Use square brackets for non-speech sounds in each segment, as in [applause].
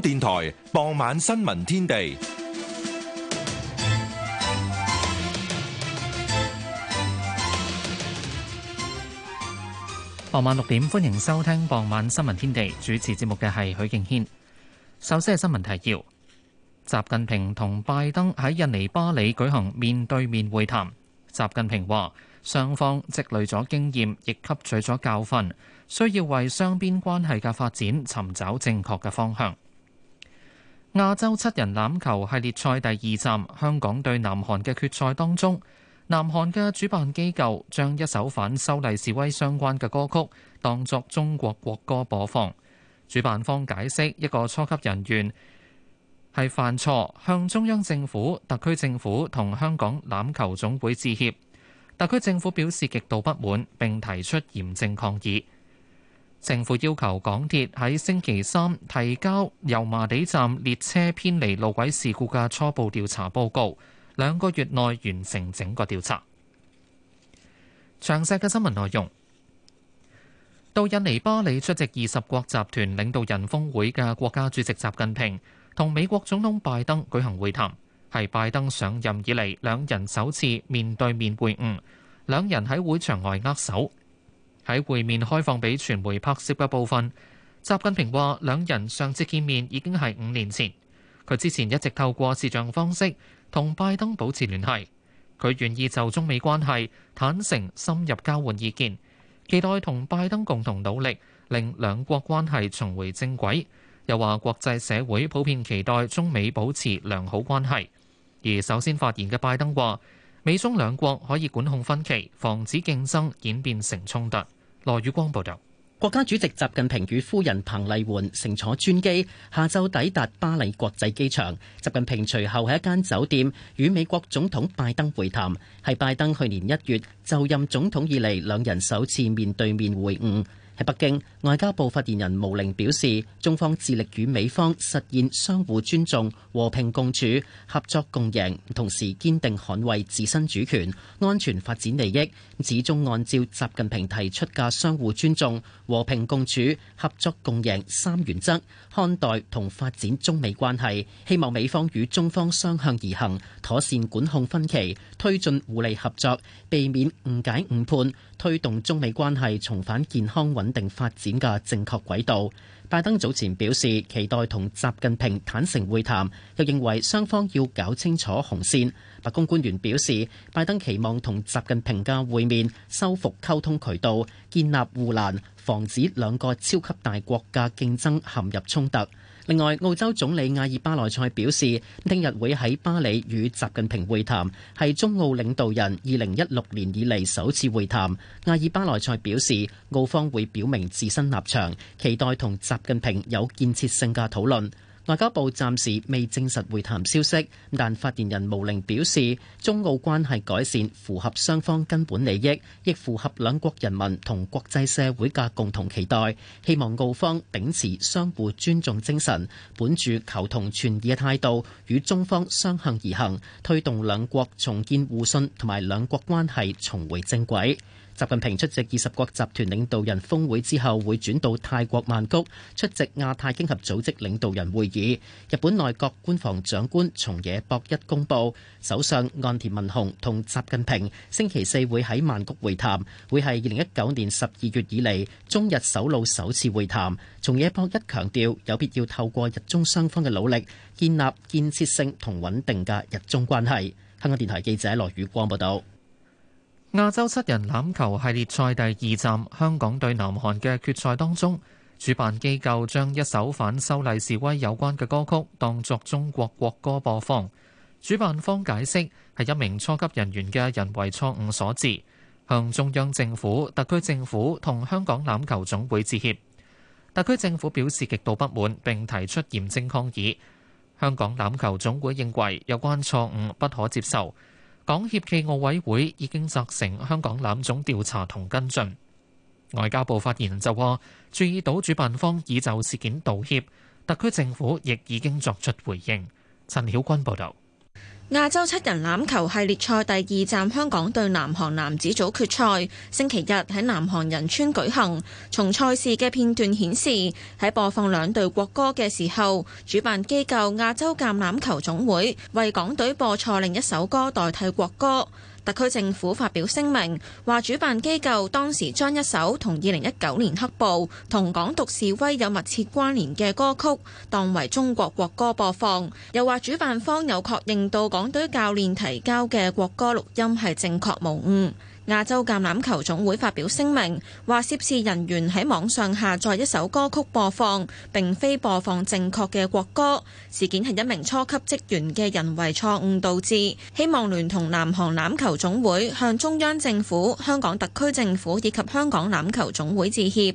電台傍晚新聞天地。傍晚六點，歡迎收聽傍晚新聞天地。主持節目嘅係許敬軒。首先係新聞提要：習近平同拜登喺印尼巴里舉行面對面會談。習近平話，雙方積累咗經驗，亦吸取咗教訓，需要為雙邊關係嘅發展尋找正確嘅方向。亞洲七人欖球系列賽第二站，香港對南韓嘅決賽當中，南韓嘅主辦機構將一首反修例示威相關嘅歌曲當作中國國歌播放。主辦方解釋一個初級人員係犯錯，向中央政府、特區政府同香港欖球總會致歉。特區政府表示極度不滿，並提出嚴正抗議。政府要求港鐵喺星期三提交油麻地站列車偏離路軌事故嘅初步調查報告，兩個月內完成整個調查。詳細嘅新聞內容：到印尼巴里出席二十國集團領導人峰會嘅國家主席習近平同美國總統拜登舉行會談，係拜登上任以嚟兩人首次面對面會晤，兩人喺會場外握手。喺會面開放俾傳媒拍攝嘅部分，習近平話：兩人上次見面已經係五年前。佢之前一直透過視像方式同拜登保持聯繫。佢願意就中美關係坦誠深入交換意見，期待同拜登共同努力，令兩國關係重回正軌。又話國際社會普遍期待中美保持良好關係。而首先發言嘅拜登話：美中兩國可以管控分歧，防止競爭演變成衝突。羅宇光報道，國家主席習近平與夫人彭麗媛乘坐專機下晝抵達巴黎國際機場。習近平隨後喺一間酒店與美國總統拜登會談，係拜登去年一月就任總統以嚟兩人首次面對面會晤。喺北京，外交部發言人毛寧表示，中方致力與美方實現相互尊重、和平共處、合作共贏同時堅定捍衛自身主權、安全發展利益，始終按照習近平提出嘅相互尊重、和平共處、合作共贏三原則看待同發展中美關係，希望美方與中方相向而行，妥善管控分歧，推進互利合作，避免誤解誤判。推動中美關係重返健康穩定發展嘅正確軌道。拜登早前表示期待同習近平坦誠會談，又認為雙方要搞清楚紅線。白宮官員表示，拜登期望同習近平嘅會面修復溝通渠道，建立護欄，防止兩個超級大國嘅競爭陷入衝突。另外，澳洲總理阿爾巴內塞表示，聽日會喺巴黎與習近平會談，係中澳領導人二零一六年以嚟首次會談，阿爾巴內塞表示，澳方會表明自身立場，期待同習近平有建設性嘅討論。外交部暫時未證實會談消息，但發言人毛寧表示，中澳關係改善符合雙方根本利益，亦符合兩國人民同國際社會嘅共同期待。希望澳方秉持相互尊重精神，本住求同存異嘅態度，與中方相向而行，推動兩國重建互信同埋兩國關係重回正軌。習近平出席二十國集團領導人峰會之後，會轉到泰國曼谷出席亞太經合組織領導人會議。日本內閣官房長官松野博一公佈，首相岸田文雄同習近平星期四會喺曼谷會談，會係二零一九年十二月以嚟中日首腦首次會談。松野博一強調，有必要透過日中雙方嘅努力，建立建設性同穩定嘅日中關係。香港電台記者羅宇光報道。亞洲七人欖球系列賽第二站，香港對南韓嘅決賽當中，主辦機構將一首反修例示威有關嘅歌曲當作中國國歌播放。主辦方解釋係一名初級人員嘅人為錯誤所致，向中央政府、特區政府同香港欖球總會致歉。特區政府表示極度不滿，並提出嚴正抗議。香港欖球總會認為有關錯誤不可接受。港協暨奧委會已經責成香港欖總調查同跟進。外交部發言人就話，注意到主辦方已就事件道歉，特區政府亦已經作出回應。陳曉君報導。亞洲七人欖球系列賽第二站香港對南韓男子組決賽，星期日喺南韓仁川舉行。從賽事嘅片段顯示，喺播放兩隊國歌嘅時候，主辦機構亞洲橄欖球總會為港隊播錯另一首歌代替國歌。特區政府發表聲明，話主辦機構當時將一首同二零一九年黑暴同港獨示威有密切關聯嘅歌曲當為中國國歌播放，又話主辦方有確認到港隊教練提交嘅國歌錄音係正確無誤。亞洲橄欖球總會發表聲明，話涉事人員喺網上下載一首歌曲播放，並非播放正確嘅國歌。事件係一名初級職員嘅人為錯誤導致，希望聯同南韓欖球總會向中央政府、香港特區政府以及香港欖球總會致歉。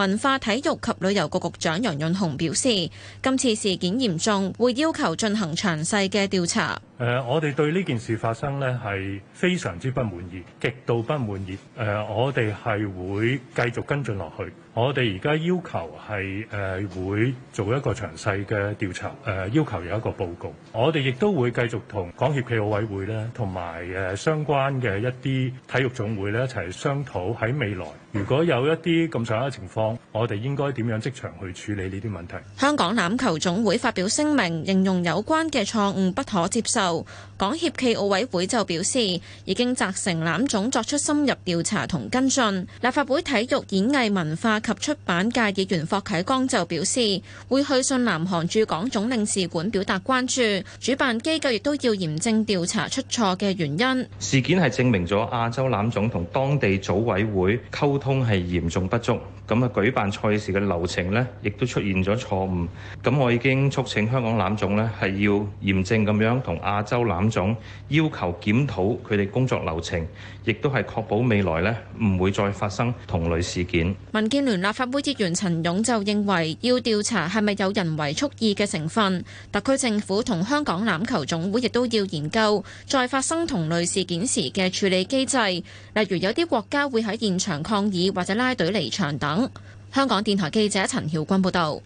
文化體育及旅遊局局長楊潤雄表示：今次事件嚴重，會要求進行詳細嘅調查。誒、呃，我哋對呢件事發生呢係非常之不滿意，極度不滿意。誒、呃，我哋係會繼續跟進落去。我哋而家要求係誒會做一個詳細嘅調查，誒、呃、要求有一個報告。我哋亦都會繼續同港協企奧委會咧，同埋誒相關嘅一啲體育總會咧一齊商討，喺未來如果有一啲咁上下嘅情況，我哋應該點樣即場去處理呢啲問題？香港欖球總會發表聲明，形容有關嘅錯誤不可接受。港協企奧委會就表示，已經責成欖總作出深入調查同跟進。立法會體育演藝文化及出版界議員霍啟剛就表示，會去信南韓駐港總領事館表達關注。主辦機構亦都要嚴正調查出錯嘅原因。事件係證明咗亞洲欖總同當地組委會溝通係嚴重不足。咁啊，舉辦賽事嘅流程咧，亦都出現咗錯誤，咁我已經促請香港欖總咧，係要嚴正咁樣同亞洲欖總要求檢討佢哋工作流程，亦都係確保未來咧唔會再發生同類事件。民建聯立法會議員陳勇就認為要調查係咪有人為蓄意嘅成分，特區政府同香港欖球總會亦都要研究，在發生同類事件時嘅處理機制，例如有啲國家會喺現場抗議或者拉隊離場等。香港電台記者陳曉君報道，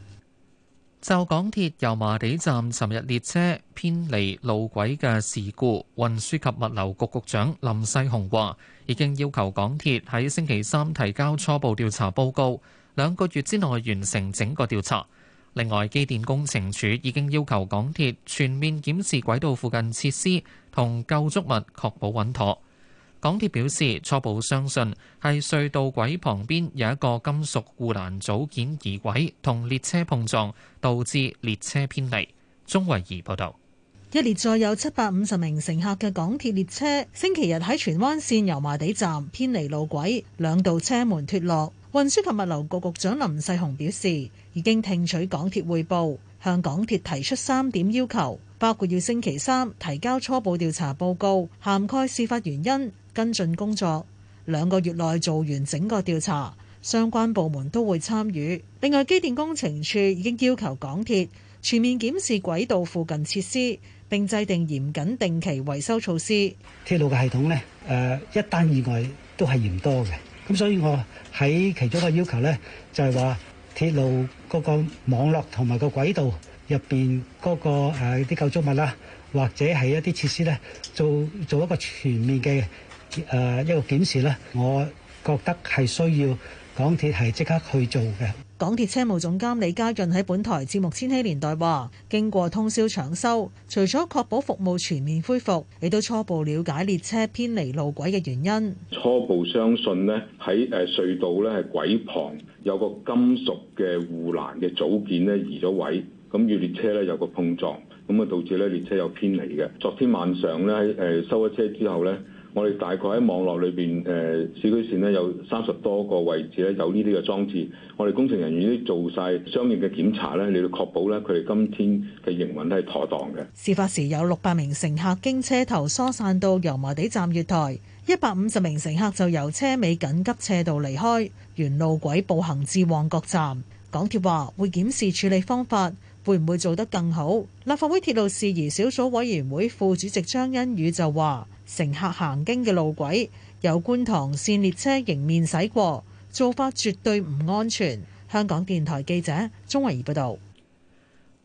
就港鐵油麻地站尋日列車偏離路軌嘅事故，運輸及物流局局長林世雄話，已經要求港鐵喺星期三提交初步調查報告，兩個月之內完成整個調查。另外，機電工程署已經要求港鐵全面檢視軌道附近設施同構築物，確保穩妥。港鐵表示，初步相信係隧道軌旁邊有一個金屬護欄組件移軌，同列車碰撞，導致列車偏離。鍾慧儀報道，一列載有七百五十名乘客嘅港鐵列車星期日喺荃灣綫油麻地站偏離路軌，兩道車門脱落。運輸及物流局局長林世雄表示，已經聽取港鐵匯報，向港鐵提出三點要求。包括要星期三提交初步調查報告，涵蓋事發原因，跟進工作。兩個月內做完整個調查，相關部門都會參與，另外，機電工程處已經要求港鐵全面檢視軌道附近設施，並制定嚴謹定期維修措施。鐵路嘅系統咧，誒一單意外都係嫌多嘅，咁所以我喺其中一個要求咧，就係話鐵路嗰個網絡同埋個軌道。入邊嗰個誒啲構築物啦，或者係一啲設施咧，做做一個全面嘅誒一個檢視咧。我覺得係需要港鐵係即刻去做嘅。港鐵車務總監李家潤喺本台節目《千禧年代》話：經過通宵搶修，除咗確保服務全面恢復，亦都初步瞭解列車偏離路軌嘅原因。初步相信咧喺誒隧道咧，係軌旁有個金屬嘅護欄嘅組件咧移咗位。咁與列車咧有個碰撞，咁啊導致咧列車有偏離嘅。昨天晚上咧，誒收咗車之後呢，我哋大概喺網絡裏邊誒，市區線呢，有三十多個位置咧有呢啲嘅裝置，我哋工程人員都做晒相應嘅檢查咧，嚟到確保咧佢哋今天嘅營運都係妥當嘅。事發時有六百名乘客經車頭疏散到油麻地站月台，一百五十名乘客就由車尾緊急斜道離開，沿路軌步行至旺角站。港鐵話會檢視處理方法。 [music] 會唔會做得更好？立法會鐵路事宜小組委員會副主席張欣宇就話：乘客行經嘅路軌由觀塘線列車迎面駛過，做法絕對唔安全。香港電台記者鍾慧儀報導。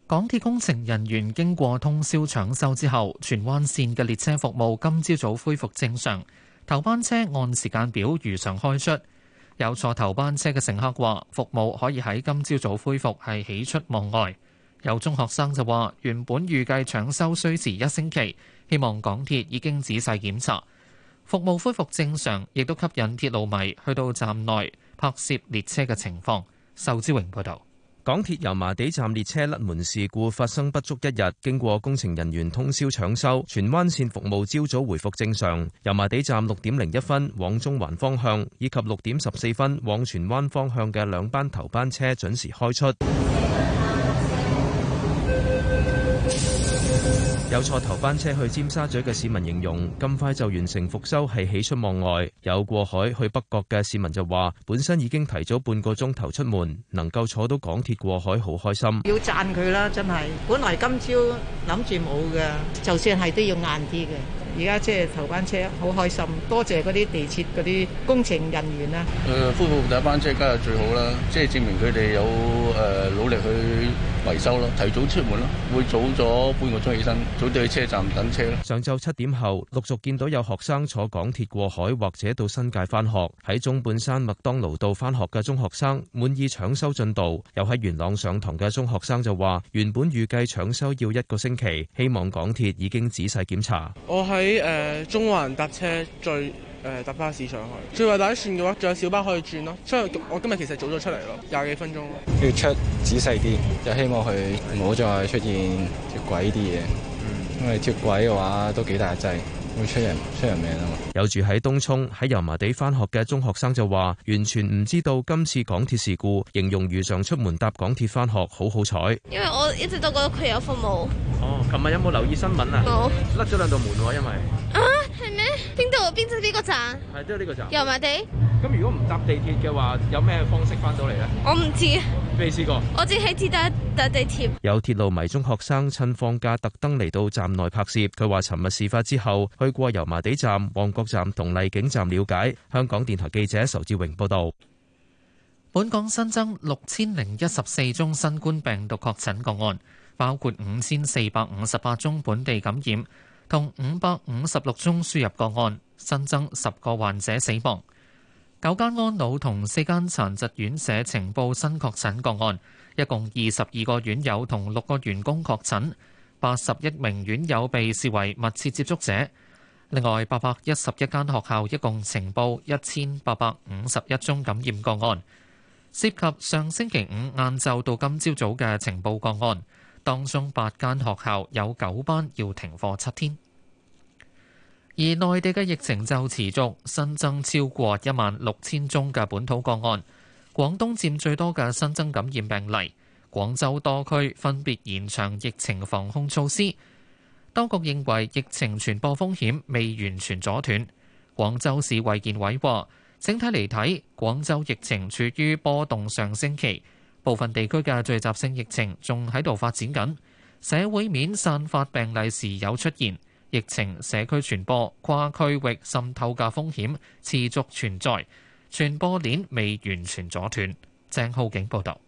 港鐵工程人員經過通宵搶修之後，荃灣線嘅列車服務今朝早恢復正常。頭班車按時間表如常開出，有坐頭班車嘅乘客話：服務可以喺今朝早恢復係喜出望外。有中學生就話：原本預計搶修需時一星期，希望港鐵已經仔細檢查，服務恢復正常，亦都吸引鐵路迷去到站內拍攝列車嘅情況。壽之榮報導。港鐵油麻地站列車甩門事故發生不足一日，經過工程人員通宵搶修，荃灣線服務朝早回復正常。油麻地站六點零一分往中環方向，以及六點十四分往荃灣方向嘅兩班頭班車準時開出。有坐頭班車去尖沙咀嘅市民形容，咁快就完成復修係喜出望外。有過海去北角嘅市民就話，本身已經提早半個鐘頭出門，能夠坐到港鐵過海好開心。要讚佢啦，真係，本來今朝諗住冇嘅，就算係都要硬啲嘅。而家即係頭班車，好開心，多謝嗰啲地鐵嗰啲工程人員啦。誒，恢復第一班車，今日最好啦，即係證明佢哋有誒努力去維修咯，提早出門咯，會早咗半個鐘起身，早啲去車站等車咯。上晝七點後，陸續見到有學生坐港鐵過海或者到新界翻學，喺中半山麥當勞道翻學嘅中學生滿意搶修進度，又喺元朗上堂嘅中學生就話，原本預計搶修要一個星期，希望港鐵已經仔細檢查。我係。喺誒、呃、中環搭車，再誒、呃、搭巴士上去。最壞打算嘅話，仲有小巴可以轉咯。所以，我今日其實早咗出嚟咯，廿幾分鐘咯。要出仔細啲，就希望佢唔好再出現脱軌啲嘢，嗯、因為脱軌嘅話都幾大劑。會出人出人命啊嘛？有住喺東涌喺油麻地翻學嘅中學生就話，完全唔知道今次港鐵事故，形容如常出門搭港鐵翻學，好好彩。因為我一直都覺得佢有服務。哦，琴日有冇留意新聞啊？冇甩咗兩道門喎、啊，因為、啊係咩？邊度？邊度？呢、呢個站？係即呢個站。油麻地。咁如果唔搭地鐵嘅話，有咩方式翻到嚟呢？我唔知。未試過。我淨係知搭搭地鐵。地鐵有鐵路迷中學生趁放假特登嚟到站內拍攝。佢話，尋日事發之後，去過油麻地站、旺角站同麗景站了解。香港電台記者仇志榮報道。本港新增六千零一十四宗新冠病毒確診個案，包括五千四百五十八宗本地感染。共五百五十六宗輸入個案，新增十個患者死亡。九間安老同四間殘疾院舍情報新確診個案，一共二十二個院友同六個員工確診，八十一名院友被視為密切接觸者。另外，八百一十一間學校一共情報一千八百五十一宗感染個案，涉及上星期五晏晝到今朝早嘅情報個案。當中八間學校有九班要停課七天，而內地嘅疫情就持續新增超過一萬六千宗嘅本土個案，廣東佔最多嘅新增感染病例。廣州多區分別延長疫情防控措施，當局認為疫情傳播風險未完全阻斷。廣州市衛健委話：整體嚟睇，廣州疫情處於波動上升期。部分地區嘅聚集性疫情仲喺度發展緊，社會面散發病例時有出現，疫情社區傳播跨區域滲透嘅風險持續存在，傳播鏈未完全阻斷。鄭浩景報導。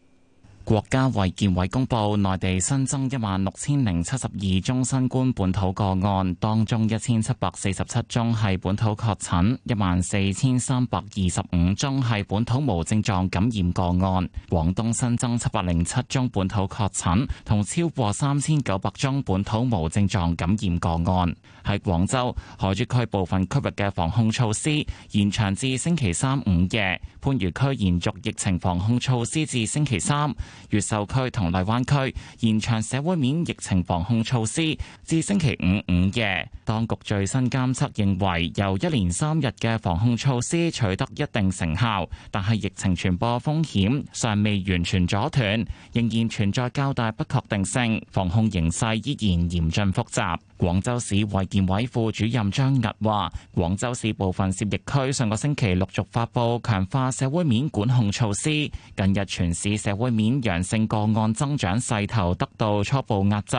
國家衛健委公布內地新增一萬六千零七十二宗新冠本土個案，當中一千七百四十七宗係本土確診，一萬四千三百二十五宗係本土無症狀感染個案。廣東新增七百零七宗本土確診，同超過三千九百宗本土無症狀感染個案。喺廣州海珠區部分區域嘅防控措施延長至星期三午夜，番禺區延續疫情防控措施至星期三。越秀區同荔灣區延長社會面疫情防控措施至星期五午夜。當局最新監測認為，由一連三日嘅防控措施取得一定成效，但係疫情傳播風險尚未完全阻斷，仍然存在較大不確定性，防控形勢依然嚴峻複雜。廣州市衛健委副主任張日話：廣州市部分涉疫區上個星期陸續發佈強化社會面管控措施，近日全市社會面陽性個案增長勢頭得到初步壓制。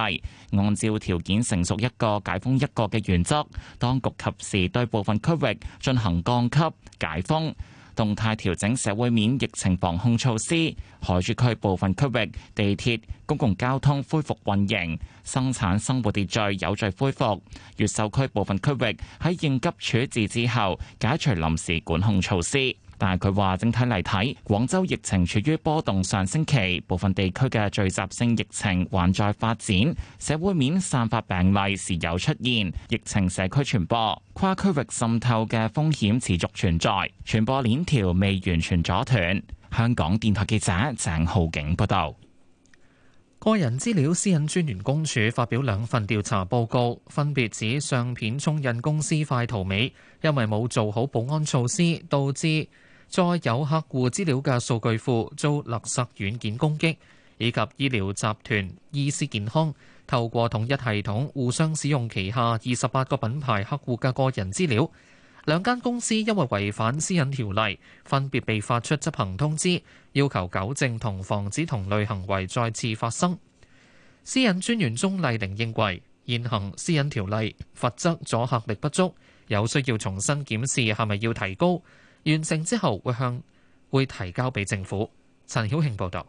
按照條件成熟一個、解封一個嘅原則，當局及時對部分區域進行降級解封。動態調整社會面疫情防控措施，海珠區部分區域地鐵公共交通恢復運營，生產生活秩序有序恢復；越秀區部分區域喺應急處置之後解除臨時管控措施。但係佢話，整體嚟睇，廣州疫情處於波動上升期，部分地區嘅聚集性疫情還在發展，社會面散發病例時有出現，疫情社區傳播、跨區域滲透嘅風險持續存在，傳播鏈條未完全阻斷。香港電台記者鄭浩景報道。個人資料私隱專員公署發表兩份調查報告，分別指相片沖印公司快圖美，因為冇做好保安措施，導致，再有客戶資料嘅數據庫遭勒索軟件攻擊，以及醫療集團醫思健康透過統一系統互相使用旗下二十八個品牌客戶嘅個人資料，兩間公司因為違反私隱條例，分別被發出執行通知，要求糾正同防止同類行為再次發生。私隱專員鍾麗玲認為現行私隱條例罰則阻嚇力不足，有需要重新檢視係咪要提高。完成之後會向會提交畀政府。陳曉慶報導。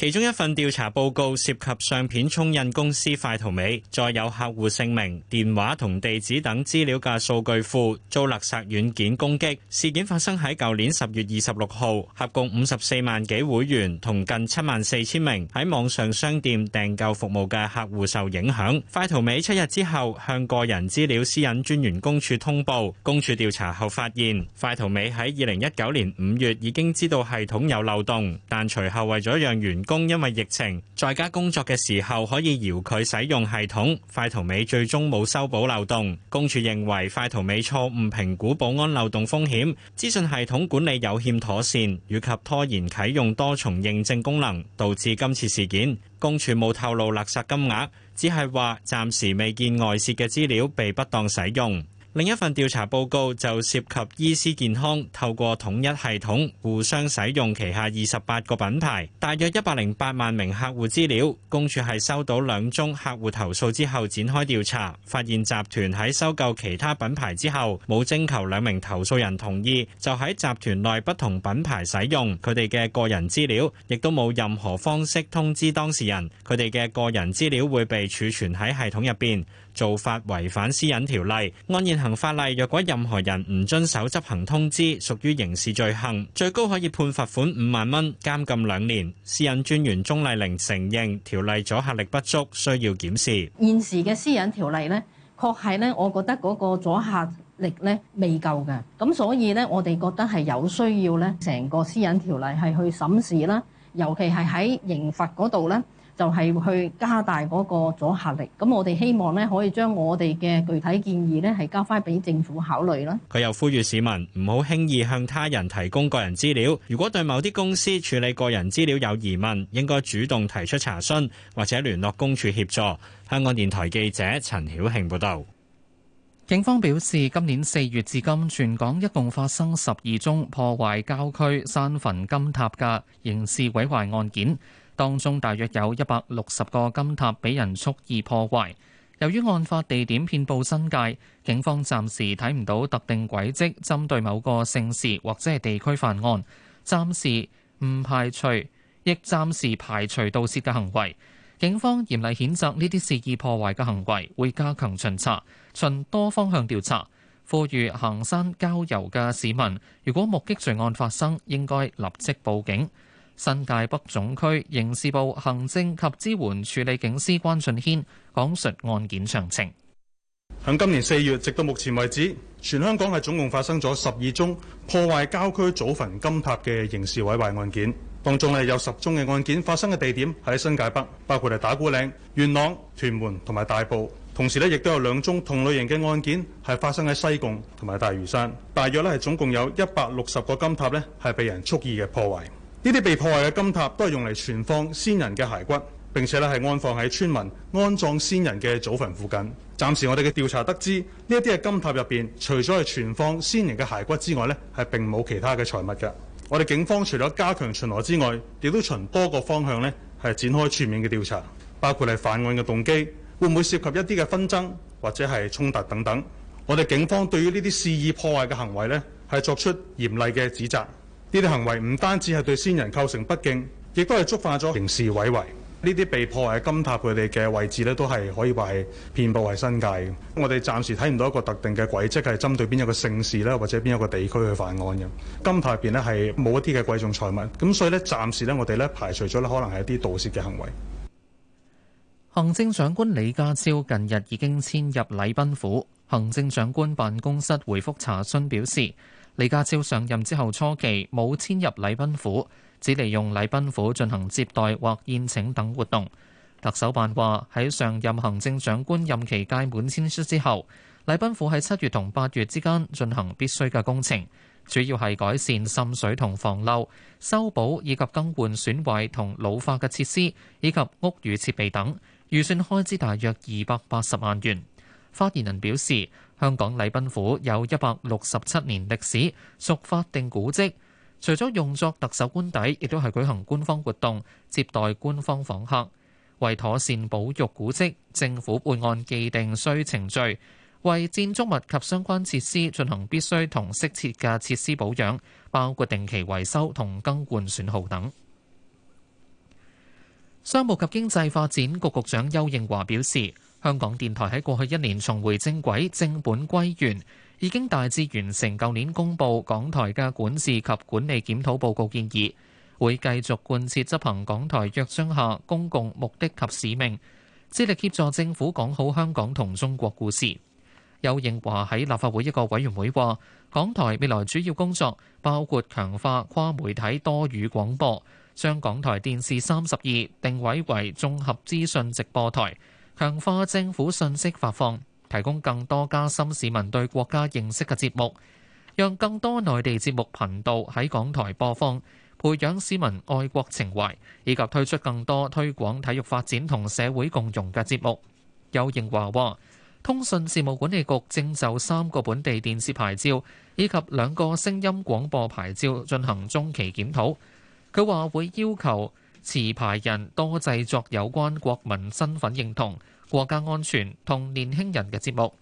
其中一份調查報告涉及相片沖印公司快圖美，載有客戶姓名、電話同地址等資料嘅數據庫遭勒索軟件攻擊。事件發生喺舊年十月二十六號，合共五十四萬幾會員同近七萬四千名喺網上商店訂購服務嘅客戶受影響。快圖美七日之後向個人資料私隱專員公署通報，公署調查後發現，快圖美喺二零一九年五月已經知道系統有漏洞，但隨後為咗讓員工因為疫情在家工作嘅時候可以遙距使用系統，快圖美最終冇修補漏洞。公署認為快圖美錯誤評估保安漏洞風險，資訊系統管理有欠妥善，以及拖延啟用多重認證功能，導致今次事件。公署冇透露勒索金額，只係話暫時未見外泄嘅資料被不當使用。另一份調查報告就涉及醫思健康，透過統一系統互相使用旗下二十八個品牌，大約一百零八萬名客戶資料。公署係收到兩宗客戶投訴之後，展開調查，發現集團喺收購其他品牌之後，冇徵求兩名投訴人同意，就喺集團內不同品牌使用佢哋嘅個人資料，亦都冇任何方式通知當事人佢哋嘅個人資料會被儲存喺系統入邊，做法違反私隱條例、安然行。法例若果任何人唔遵守執行通知，屬於刑事罪行，最高可以判罰款五萬蚊、監禁兩年。私隱專員鍾麗玲承認條例阻嚇力不足，需要檢視。現時嘅私隱條例呢，確係呢，我覺得嗰個阻嚇力呢未夠嘅，咁所以呢，我哋覺得係有需要呢，成個私隱條例係去審視啦，尤其係喺刑罰嗰度呢。就係去加大嗰個阻吓力，咁我哋希望咧可以將我哋嘅具體建議咧係交翻俾政府考慮啦。佢又呼籲市民唔好輕易向他人提供個人資料，如果對某啲公司處理個人資料有疑問，應該主動提出查詢或者聯絡公署協助。香港電台記者陳曉慶報道。警方表示，今年四月至今，全港一共發生十二宗破壞郊區山墳金塔嘅刑事毀壞案件。當中大約有一百六十個金塔俾人蓄意破壞。由於案發地點遍佈新界，警方暫時睇唔到特定軌跡，針對某個姓氏或者係地區犯案，暫時唔排除，亦暫時排除盜竊嘅行為。警方嚴厲譴責呢啲肆意破壞嘅行為，會加強巡查，循多方向調查。呼籲行山郊遊嘅市民，如果目擊罪案發生，應該立即報警。新界北總區刑事部行政及支援處理警司關俊軒講述案件詳情。響今年四月，直到目前為止，全香港係總共發生咗十二宗破壞郊區祖墳金塔嘅刑事毀壞案件。當中係有十宗嘅案件發生嘅地點喺新界北，包括係打鼓嶺、元朗、屯門同埋大埔。同時呢，亦都有兩宗同類型嘅案件係發生喺西貢同埋大嶼山。大約呢，係總共有一百六十個金塔呢係被人蓄意嘅破壞。呢啲被破壞嘅金塔都係用嚟存放先人嘅骸骨，並且咧係安放喺村民安葬先人嘅祖墳附近。暫時我哋嘅調查得知，呢一啲嘅金塔入邊，除咗係存放先人嘅骸骨之外咧，係並冇其他嘅財物嘅。我哋警方除咗加強巡邏之外，亦都循多個方向咧係展開全面嘅調查，包括係犯案嘅動機，會唔會涉及一啲嘅紛爭或者係衝突等等。我哋警方對於呢啲肆意破壞嘅行為咧，係作出嚴厲嘅指責。呢啲行為唔單止係對先人構成不敬，亦都係觸犯咗刑事毀壞。呢啲被破壞金塔佢哋嘅位置咧，都係可以話係遍布喺新界嘅。我哋暫時睇唔到一個特定嘅軌跡，係針對邊一個姓氏啦，或者邊一個地區去犯案嘅。金塔入邊咧係冇一啲嘅貴重財物，咁所以呢，暫時呢，我哋呢排除咗咧可能係一啲盜竊嘅行為。行政長官李家超近日已經遷入禮賓府，行政長官辦公室回覆查詢表示。李家超上任之後初期冇遷入禮賓府，只利用禮賓府進行接待或宴請等活動。特首辦話喺上任行政長官任期屆滿遷出之後，禮賓府喺七月同八月之間進行必須嘅工程，主要係改善滲水同防漏、修補以及更換損壞同老化嘅設施以及屋宇設備等，預算開支大約二百八十萬元。發言人表示，香港禮賓府有一百六十七年歷史，屬法定古蹟。除咗用作特首官邸，亦都係舉行官方活動、接待官方訪客。為妥善保育古蹟，政府會按既定需程序，為建築物及相關設施進行必須同適切嘅設施保養，包括定期維修同更換損耗等。商務及經濟發展局局長丘應樺表示。香港電台喺過去一年重回正軌，正本歸源，已經大致完成舊年公佈港台嘅管治及管理檢討報告建議，會繼續貫徹執行港台約章下公共目的及使命，致力協助政府講好香港同中國故事。丘應樺話喺立法會一個委員會話，港台未來主要工作包括強化跨媒體多語廣播，將港台電視三十二定位為綜合資訊直播台。強化政府信息發放，提供更多加深市民對國家認識嘅節目，讓更多內地節目頻道喺港台播放，培養市民愛國情懷，以及推出更多推廣體育發展同社會共融嘅節目。丘應樺話，通訊事務管理局正就三個本地電視牌照以及兩個聲音廣播牌照進行中期檢討。佢話會要求持牌人多製作有關國民身份認同、國家安全同年輕人嘅節目。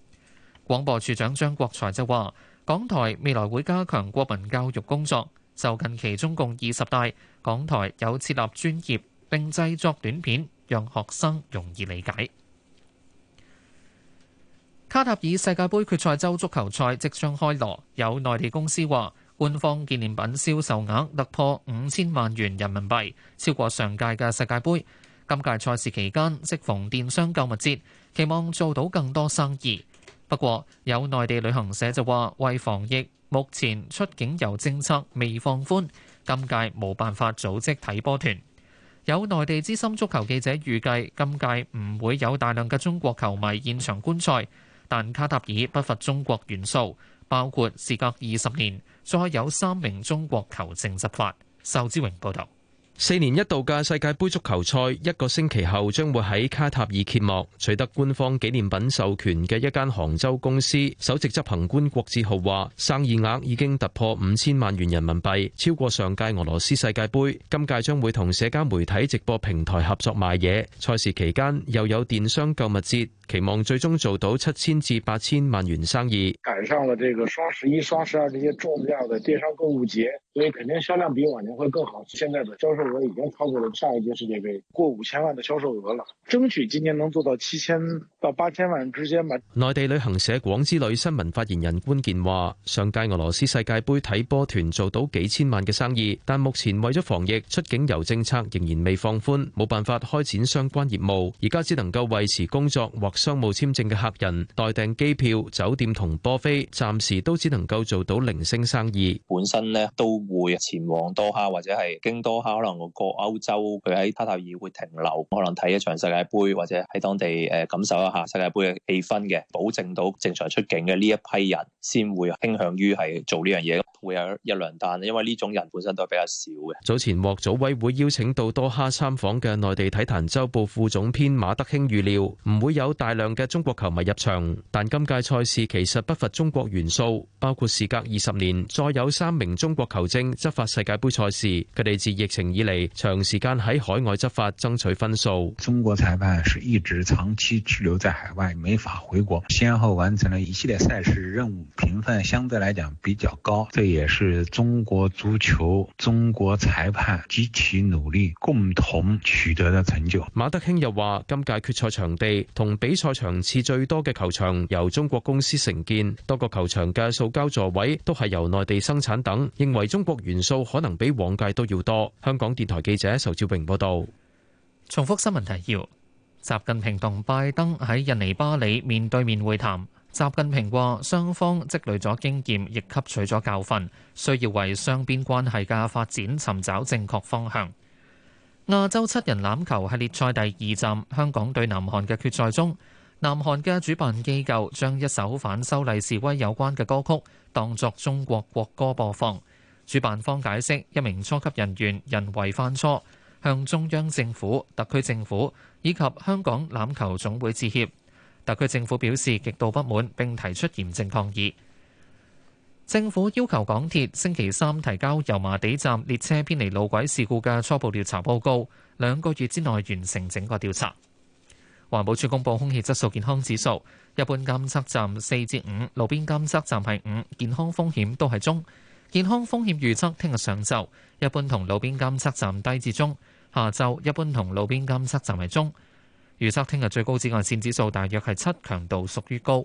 廣播處長張國財就話，港台未來會加強國民教育工作。就近期中共二十大，港台有設立專業並製作短片，讓學生容易理解。卡塔爾世界杯決賽周足球賽即將開鑼，有內地公司話。官方紀念品銷售額突破五千萬元人民幣，超過上屆嘅世界盃。今屆賽事期間，適逢電商購物節，期望做到更多生意。不過，有內地旅行社就話，為防疫，目前出境遊政策未放寬，今屆冇辦法組織睇波團。有內地資深足球記者預計，今屆唔會有大量嘅中國球迷現場觀賽，但卡塔爾不乏中國元素，包括時隔二十年。再有三名中國球證執法。仇之榮報道，四年一度嘅世界杯足球賽一個星期後將會喺卡塔爾揭幕。取得官方紀念品授權嘅一間杭州公司首席執行官郭志豪話生意額已經突破五千萬元人民幣超過上屆俄羅斯世界杯今屆將會同社交媒體直播平台合作賣嘢。賽事期間又有電商購物節。期望最終做到七千至八千萬元生意。趕上了這個雙十一、雙十二這些重要的電商購物節，所以肯定銷量比往年會更好。現在的銷售額已經超過了上一屆世界杯過五千萬的銷售額了，爭取今年能做到七千到八千萬之間。內地旅行社廣之旅新聞發言人官健話：上屆俄羅斯世界杯睇波團做到幾千萬嘅生意，但目前為咗防疫出境遊政策仍然未放寬，冇辦法開展相關業務，而家只能夠維持工作或。商務簽證嘅客人，代訂機票、酒店同波飛，暫時都只能夠做到零星生意。本身咧都會前往多哈或者係經多哈，可能我過歐洲，佢喺卡塔爾會停留，可能睇一場世界杯或者喺當地誒，感受一下世界杯嘅氣氛嘅。保證到正常出境嘅呢一批人，先會傾向於係做呢樣嘢，會有一兩單。因為呢種人本身都係比較少嘅。早前獲組委會邀請到多哈參訪嘅內地體壇周報副總編馬德興預料，唔會有大量嘅中國球迷入場，但今屆賽事其實不乏中國元素，包括時隔二十年再有三名中國球證執法世界杯賽事。佢哋自疫情以嚟長時間喺海外執法，爭取分數。中國裁判是一直長期滯留在海外，沒法回國，先後完成了一系列賽事任務，評分相對來講比較高。這也是中國足球、中國裁判極其努力共同取得的成就。馬德興又話：今屆決賽場地同比賽場次最多嘅球場由中國公司承建，多個球場嘅塑膠座位都係由內地生產等，認為中國元素可能比往屆都要多。香港電台記者仇昭榮報道。重複新聞提要：習近平同拜登喺印尼巴里面對面會談。習近平話，雙方積累咗經驗，亦吸取咗教訓，需要為雙邊關係嘅發展尋找正確方向。亞洲七人欖球系列賽第二站，香港對南韓嘅決賽中，南韓嘅主辦機構將一首反修例示威有關嘅歌曲當作中國國歌播放。主辦方解釋，一名初級人員人為犯錯，向中央政府、特區政府以及香港欖球總會致歉。特區政府表示極度不滿，並提出嚴正抗議。政府要求港鐵星期三提交油麻地站列車偏離路軌事故嘅初步調查報告，兩個月之內完成整個調查。環保署公布空氣質素健康指數，一般監測站四至五，路邊監測站係五，健康風險都係中。健康風險預測聽日上晝一般同路邊監測站低至中，下晝一般同路邊監測站係中。預測聽日最高紫外線指數大約係七，強度屬於高。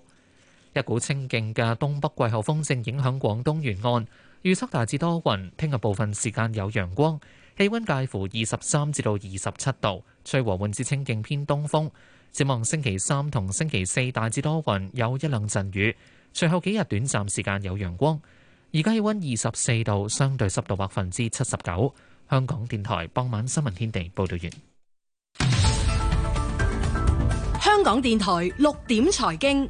一股清勁嘅東北季候風正影響廣東沿岸，預測大致多雲，聽日部分時間有陽光，氣溫介乎二十三至到二十七度，吹和緩至清勁偏東風。展望星期三同星期四大致多雲，有一兩陣雨，隨後幾日短暫時間有陽光。而家氣溫二十四度，相對濕度百分之七十九。香港電台傍晚新聞天地報道完。香港電台六點財經。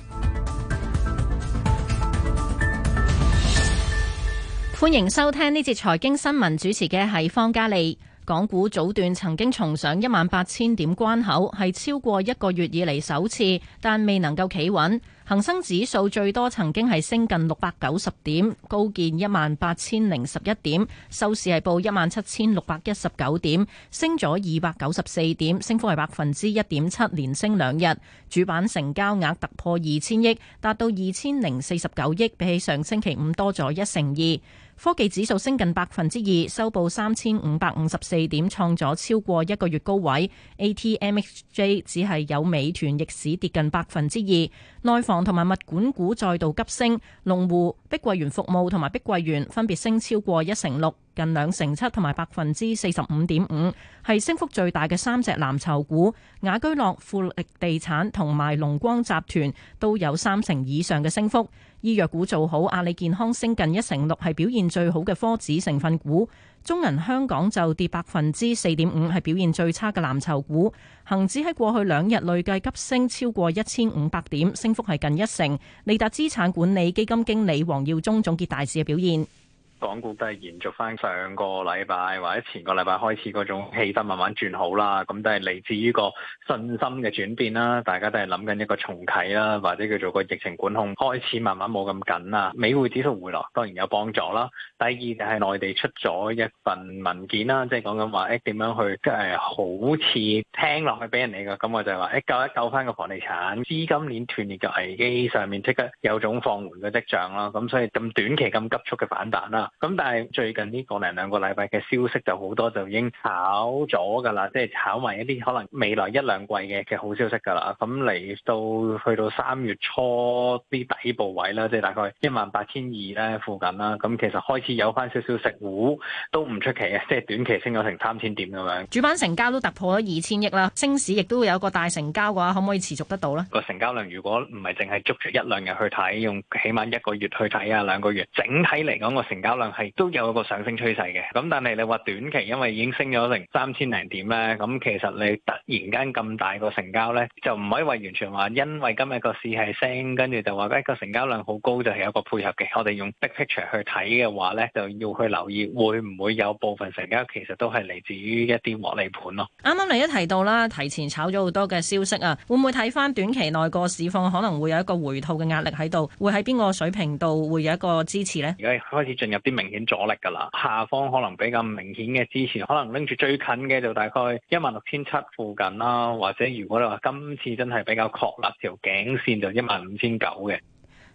歡迎收聽呢節財經新聞，主持嘅係方嘉利。港股早段曾經重上一萬八千點關口，係超過一個月以嚟首次，但未能夠企穩。恒生指數最多曾經係升近六百九十點，高見一萬八千零十一點，收市係報一萬七千六百一十九點，升咗二百九十四點，升幅係百分之一點七，連升兩日。主板成交額突破二千億，達到二千零四十九億，比起上星期五多咗一成二。科技指數升近百分之二，收報三千五百五十四點，創咗超過一個月高位。ATMXJ 只係有美團逆市跌近百分之二。內房同埋物管股再度急升，龍湖、碧桂園服務同埋碧桂園分別升超過一成六、近兩成七同埋百分之四十五點五，係升幅最大嘅三隻藍籌股。雅居樂、富力地產同埋龍光集團都有三成以上嘅升幅。醫藥股做好，阿里健康升近一成六，係表現最好嘅科指成分股。中銀香港就跌百分之四點五，係表現最差嘅藍籌股。恒指喺過去兩日累計急升超過一千五百點，升幅係近一成。利達資產管理基金經理黃耀忠總結大市嘅表現。港股都係延續翻上個禮拜或者前個禮拜開始嗰種氣氛慢慢轉好啦，咁都係嚟自於個信心嘅轉變啦。大家都係諗緊一個重啟啦，或者叫做個疫情管控開始慢慢冇咁緊啦。美匯指數回落當然有幫助啦。第二就係內地出咗一份文件啦，即係講緊話誒點樣去即係好似聽落去俾人哋嘅，咁我就係話誒救一救翻個房地產資金鏈斷裂嘅危機上面，即刻有種放緩嘅跡象啦。咁所以咁短期咁急速嘅反彈啦。咁但係最近呢個零兩個禮拜嘅消息就好多，就已經炒咗㗎啦，即係炒埋一啲可能未來一兩季嘅嘅好消息㗎啦。咁嚟到去到三月初啲底部位啦，即係大概一萬八千二咧附近啦。咁其實開始有返少少食糊都唔出奇嘅，即係短期升咗成三千點咁樣。主板成交都突破咗二千億啦，升市亦都會有個大成交嘅話，可唔可以持續得到咧？個成交量如果唔係淨係捉住一兩日去睇，用起碼一個月去睇啊，兩個月，整體嚟講個成交。可能係都有一個上升趨勢嘅，咁但係你話短期因為已經升咗成三千零點啦，咁其實你突然間咁大個成交咧，就唔可以話完全話因為今日個市係升，跟住就話畀個成交量好高就係有個配合嘅。我哋用 big picture 去睇嘅話咧，就要去留意會唔會有部分成交其實都係嚟自於一啲獲利盤咯。啱啱你一提到啦，提前炒咗好多嘅消息啊，會唔會睇翻短期內個市況可能會有一個回吐嘅壓力喺度？會喺邊個水平度會有一個支持咧？如果開始進入明顯阻力㗎喇，下方可能比較明顯嘅支持，可能拎住最近嘅就大概一萬六千七附近啦，或者如果你話今次真係比較確立條頸線就一萬五千九嘅。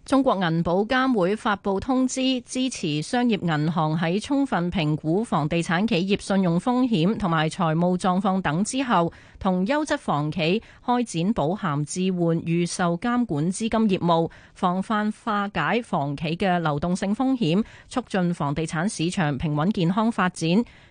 中國銀保監會發布通知，支持商業銀行喺充分評估房地產企業信用風險同埋財務狀況等之後，同優質房企開展保函置換預售監管資金業務，防範化解房企嘅流動性風險，促進房地產市場平穩健康發展。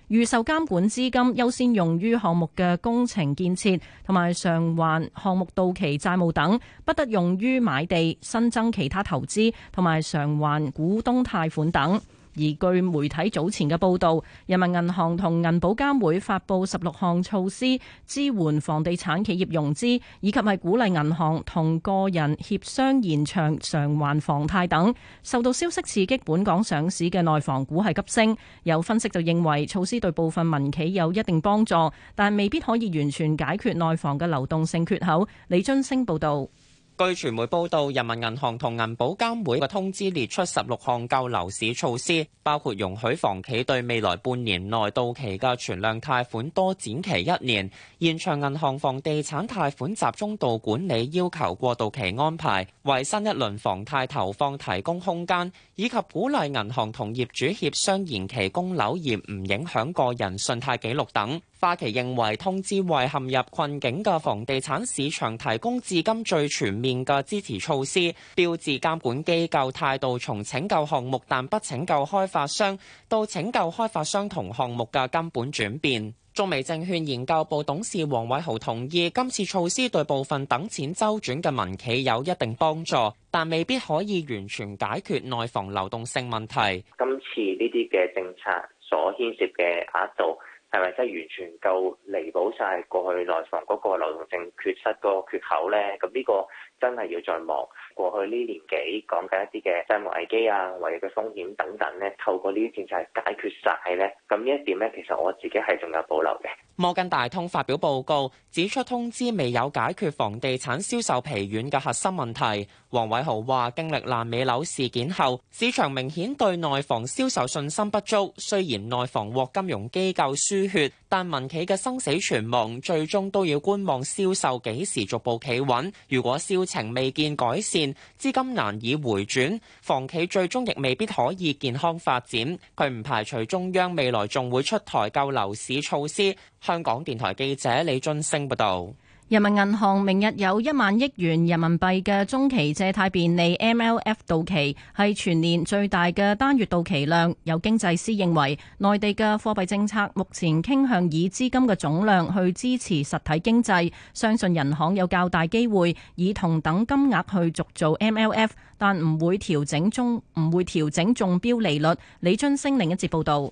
預售監管資金優先用於項目嘅工程建設同埋償還項目到期債務等，不得用於買地、新增其他投資，同埋償還股東貸款等。而據媒體早前嘅報導，人民銀行同銀保監會發布十六項措施支援房地產企業融資，以及係鼓勵銀行同個人協商延長償還房貸等。受到消息刺激，本港上市嘅內房股係急升。有分析就認為，措施對部分民企有一定幫助，但未必可以完全解決內房嘅流動性缺口。李津升報導。據傳媒報道，人民銀行同銀保監會嘅通知列出十六項救樓市措施，包括容許房企對未來半年內到期嘅存量貸款多展期一年，延長銀行房地產貸款集中度管理要求過渡期安排，為新一輪房貸投放提供空間，以及鼓勵銀行同業主協商延期供樓而唔影響個人信貸記錄等。花旗認為通知為陷入困境嘅房地產市場提供至今最全面嘅支持措施，標誌監管機構態度從拯救項目但不拯救開發商，到拯救開發商同項目嘅根本轉變。中美證券研究部董事王偉豪同意今次措施對部分等錢周轉嘅民企有一定幫助，但未必可以完全解決內房流動性問題。今次呢啲嘅政策所牽涉嘅額度。係咪真係完全夠彌補晒過去內房嗰個流動性缺失個缺口咧？咁呢個。真係要再望過去呢年幾講緊一啲嘅債務危機啊，或者嘅風險等等咧，透過呢啲政策解決晒咧，咁呢一點咧，其實我自己係仲有保留嘅。摩根大通發表報告指出，通知未有解決房地產銷售疲軟嘅核心問題。黃偉豪話，經歷爛尾樓事件後，市場明顯對內房銷售信心不足。雖然內房獲金融機構輸血，但民企嘅生死存亡，最終都要觀望銷售幾時逐步企穩。如果銷疫情未見改善，資金難以回轉，房企最終亦未必可以健康發展。佢唔排除中央未來仲會出台救樓市措施。香港電台記者李津升報道。人民銀行明日有一萬億元人民幣嘅中期借貸便利 （MLF） 到期，係全年最大嘅單月到期量。有經濟師認為，內地嘅貨幣政策目前傾向以資金嘅總量去支持實體經濟，相信人行有較大機會以同等金額去續做 MLF，但唔會調整中唔會調整中標利率。李津星另一節報道。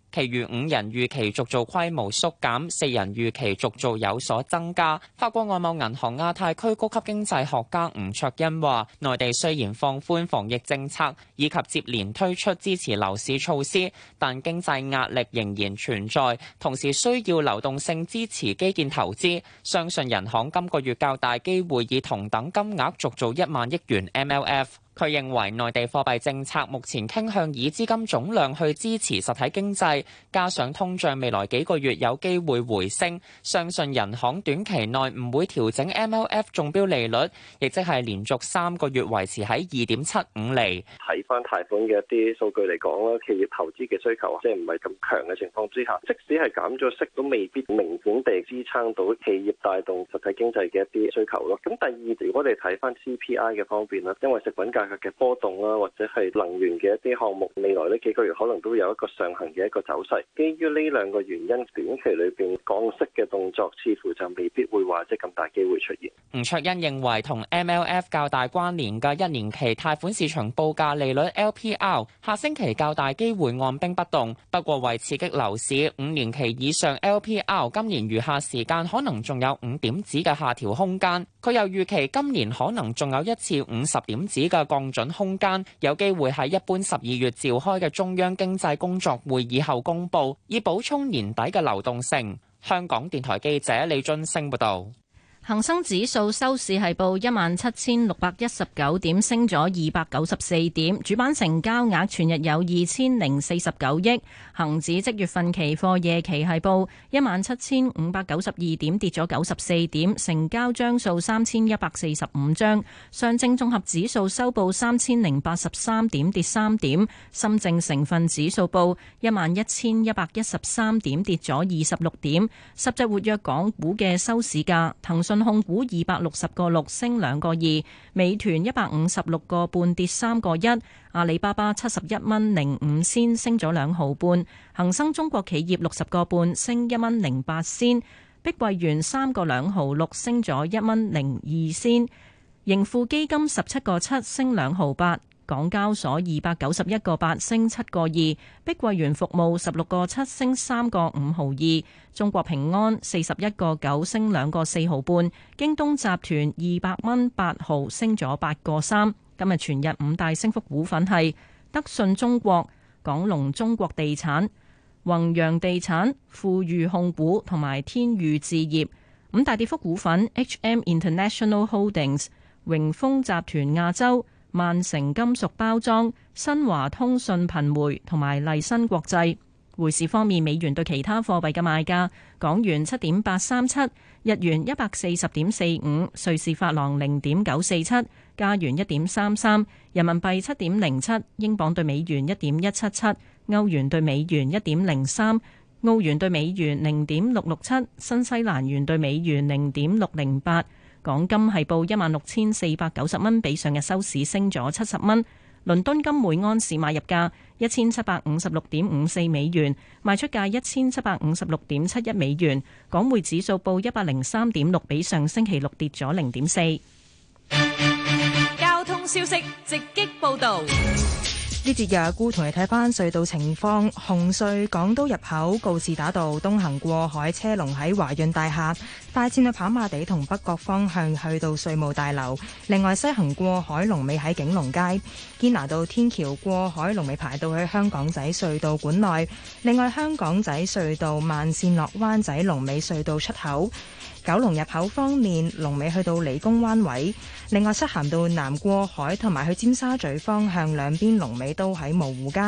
其餘五人預期續做規模縮減，四人預期續做有所增加。法國外貿銀行亞太區高級經濟學家吳卓恩話：內地雖然放寬防疫政策以及接連推出支持樓市措施，但經濟壓力仍然存在，同時需要流動性支持基建投資。相信銀行今個月較大機會以同等金額續做一萬億元 MLF。佢認為內地貨幣政策目前傾向以資金總量去支持實體經濟，加上通脹未來幾個月有機會回升，相信人行短期內唔會調整 MLF 中標利率，亦即係連續三個月維持喺二點七五厘。睇翻貸款嘅一啲數據嚟講啦，企業投資嘅需求即係唔係咁強嘅情況之下，即使係減咗息都未必明顯地支撐到企業帶動實體經濟嘅一啲需求咯。咁第二，如果我哋睇翻 CPI 嘅方面啦，因為食品價嘅波動啦，或者係能源嘅一啲項目，未來呢幾個月可能都有一個上行嘅一個走勢。基於呢兩個原因，短期裏邊降息嘅動作似乎就未必會話即係咁大機會出現。吳卓欣認為，同 MLF 較大關聯嘅一年期貸款市場報價利率 LPR 下星期較大機會按兵不動。不過為刺激樓市，五年期以上 LPR 今年餘下時間可能仲有五點子嘅下調空間。佢又預期今年可能仲有一次五十點子嘅。降準空間有機會喺一般十二月召開嘅中央經濟工作會議後公佈，以補充年底嘅流動性。香港電台記者李俊升報導。恒生指數收市係報一萬七千六百一十九點，升咗二百九十四點。主板成交額全日有二千零四十九億。恒指即月份期貨夜期係報一萬七千五百九十二點，跌咗九十四點，成交張數三千一百四十五張。上證綜合指數收報三千零八十三點，跌三點。深證成分指數報一萬一千一百一十三點，跌咗二十六點。十隻活躍港股嘅收市價，騰訊。控股二百六十個六升兩個二，美團一百五十六個半跌三個一，阿里巴巴七十一蚊零五仙升咗兩毫半，恒生中國企業六十個半升一蚊零八仙，碧桂園三個兩毫六升咗一蚊零二仙，盈富基金十七個七升兩毫八。港交所二百九十一個八升七個二，碧桂園服務十六個七升三個五毫二，中國平安四十一個九升兩個四毫半，京東集團二百蚊八毫升咗八個三。今日全日五大升幅股份係德信中國、港龍中國地產、宏洋地產、富裕控股同埋天譽置業。五大跌幅股份：H.M. International Holdings、榮豐集團亞洲、萬城金屬包裝、新華通訊頻媒同埋麗新國際。匯市方面，美元對其他貨幣嘅賣價：港元七點八三七，日元一百四十點四五，瑞士法郎零點九四七，加元一點三三，人民幣七點零七，英鎊對美元一點一七七，歐元對美元一點零三，澳元對美元零點六六七，新西蘭元對美元零點六零八。港金係報一萬六千四百九十蚊，比上日收市升咗七十蚊。倫敦金每安士買入價一千七百五十六點五四美元，賣出價一千七百五十六點七一美元。港匯指數報一百零三點六，比上星期六跌咗零點四。交通消息直擊報道。呢節日，姑同你睇翻隧道情況。紅隧港島入口告士打道東行過海車龍喺華潤大廈，快線去跑馬地同北角方向去到稅務大樓。另外西行過海龍尾喺景隆街，堅拿道天橋過海龍尾排到去香港仔隧道管內。另外香港仔隧道慢線落灣仔龍尾隧道出口，九龍入口方面龍尾去到理工灣位。另外，西行到南過海同埋去尖沙咀方向，兩邊龍尾都喺蕪湖街。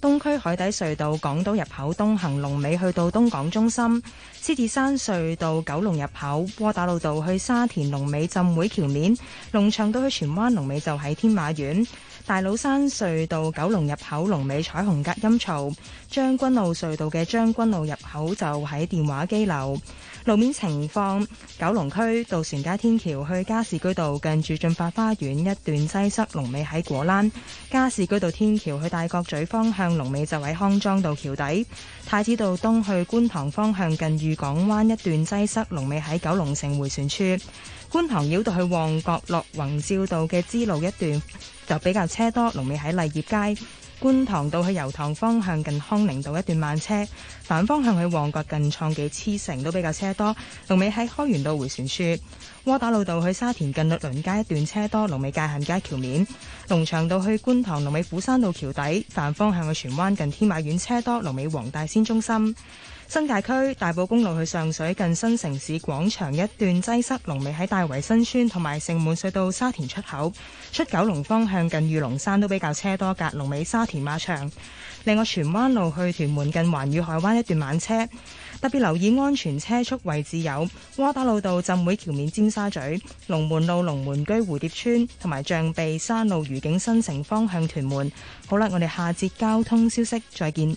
東區海底隧道港島入口東行，龍尾去到東港中心。獅子山隧道九龍入口，窩打老道去沙田龍尾浸會橋面。龍翔道去荃灣龍尾就喺天馬苑。大老山隧道九龍入口，龍尾彩虹隔音槽。將軍澳隧道嘅將軍澳入口就喺電話機樓。路面情況，九龍區渡船街天橋去加士居道近住駿發花園一段擠塞，龍尾喺果欄；加士居道天橋去大角咀方向，龍尾就喺康莊道橋底。太子道東去觀塘方向近御港灣一段擠塞，龍尾喺九龍城迴旋處。觀塘繞道去旺角落宏照道嘅支路一段就比較車多，龍尾喺麗業街。觀塘道去油塘方向近康寧道一段慢車，反方向去旺角近創紀之城都比較車多，龍尾喺開源道回旋處。窩打老道去沙田近律倫街一段車多，龍尾界限街橋面。龍翔道去觀塘龍尾斧山道橋底，反方向去荃灣近天馬苑車多，龍尾黃大仙中心。新界區大埔公路去上水近新城市廣場一段擠塞，龍尾喺大圍新村同埋城門隧道沙田出口出九龍方向近御龍山都比較車多，隔龍尾沙田馬場。另外荃灣路去屯門近環宇海灣一段晚車，特別留意安全車速位置有窩打老道浸會橋面尖沙咀、龍門路龍門居蝴蝶村同埋象鼻山路愉景新城方向屯門。好啦，我哋下節交通消息，再見。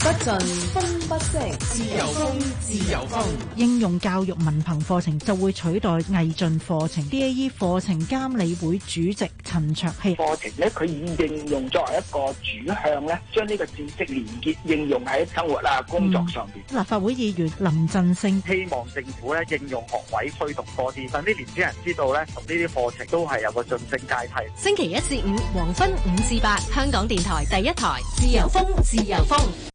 不盡，風不息，自由風，自由風。應用教育文憑課程就會取代毅進課程。D A E 課程監理會主席陳卓禧，課程咧，佢以應用作為一個主向咧，將呢個知識連結應用喺生活啦、嗯、工作上邊。立法會議員林振昇希望政府咧應用學位推動多啲，等啲年青人知道呢同呢啲課程都係有個晉升階梯。星期一至五黃昏五至八，香港電台第一台，自由風，自由風。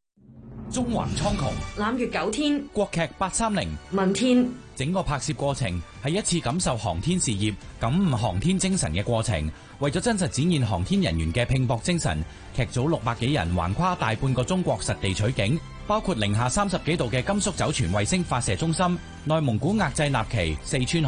縱橫蒼穹，攬月九天。國劇八三零問天，整個拍攝過程係一次感受航天事業、感悟航天精神嘅過程。為咗真實展現航天人員嘅拼搏精神，劇組六百幾人橫跨大半個中國實地取景，包括零下三十幾度嘅甘肅酒泉衛星發射中心、內蒙古額濟納旗、四川。